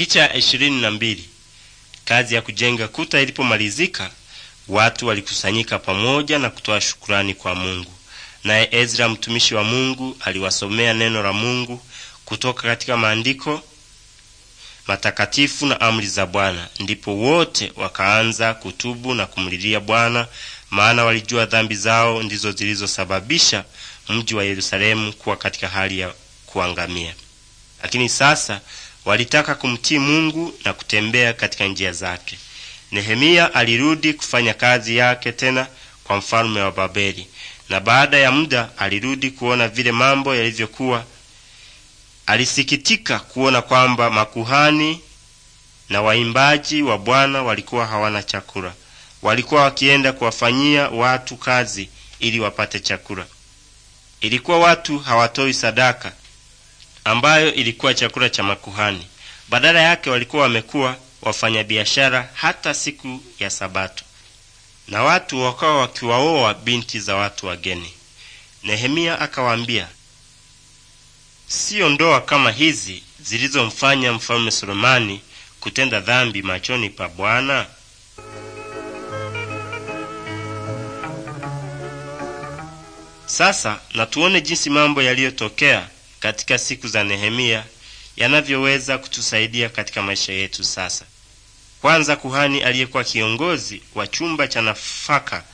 Picha ya ishirini na mbili. Kazi ya kujenga kuta ilipomalizika, watu walikusanyika pamoja na kutoa shukurani kwa Mungu. Naye Ezra mtumishi wa Mungu aliwasomea neno la Mungu kutoka katika maandiko matakatifu na amri za Bwana. Ndipo wote wakaanza kutubu na kumlilia Bwana, maana walijua dhambi zao ndizo zilizosababisha mji wa Yerusalemu kuwa katika hali ya kuangamia. Lakini sasa Walitaka kumtii Mungu na kutembea katika njia zake. Nehemia alirudi kufanya kazi yake tena kwa mfalme wa Babeli, na baada ya muda alirudi kuona vile mambo yalivyokuwa. Alisikitika kuona kwamba makuhani na waimbaji wa Bwana walikuwa hawana chakula. Walikuwa wakienda kuwafanyia watu kazi ili wapate chakula. Ilikuwa watu hawatoi sadaka ambayo ilikuwa chakula cha makuhani. Badala yake walikuwa wamekuwa wafanyabiashara hata siku ya Sabato, na watu wakawa wakiwaoa binti za watu wageni. Nehemia akawaambia, siyo ndoa kama hizi zilizomfanya mfalme sulemani kutenda dhambi machoni pa Bwana. Sasa natuone jinsi mambo yaliyotokea katika siku za Nehemia yanavyoweza kutusaidia katika maisha yetu sasa. Kwanza, kuhani aliyekuwa kiongozi wa chumba cha nafaka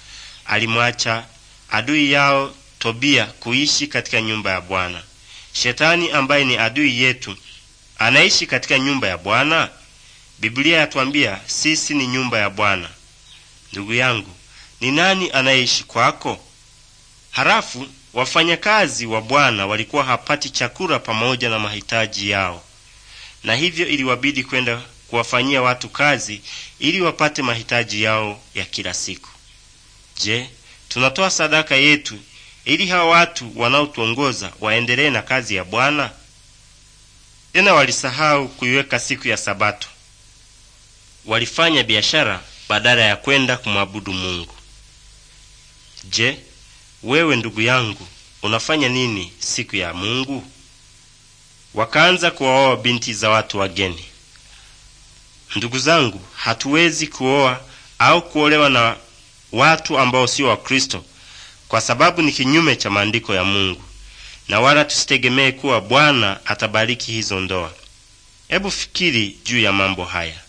alimwacha adui yao Tobia kuishi katika nyumba ya Bwana. Shetani ambaye ni adui yetu anaishi katika nyumba ya Bwana. Biblia yatwambia sisi ni nyumba ya Bwana. Ndugu yangu, ni nani anayeishi kwako? Halafu wafanyakazi wa Bwana walikuwa hapati chakula pamoja na mahitaji yao, na hivyo iliwabidi kwenda kuwafanyia watu kazi ili wapate mahitaji yao ya kila siku. Je, tunatoa sadaka yetu ili hawa watu wanaotuongoza waendelee na kazi ya Bwana? Tena walisahau kuiweka siku ya Sabato. Walifanya biashara badala ya kwenda kumwabudu Mungu. Je, wewe ndugu yangu unafanya nini siku ya Mungu? Wakaanza kuwaoa binti za watu wageni. Ndugu zangu, hatuwezi kuoa au kuolewa na watu ambao sio Wakristo kwa sababu ni kinyume cha maandiko ya Mungu, na wala tusitegemee kuwa Bwana atabariki hizo ndoa. Hebu fikiri juu ya mambo haya.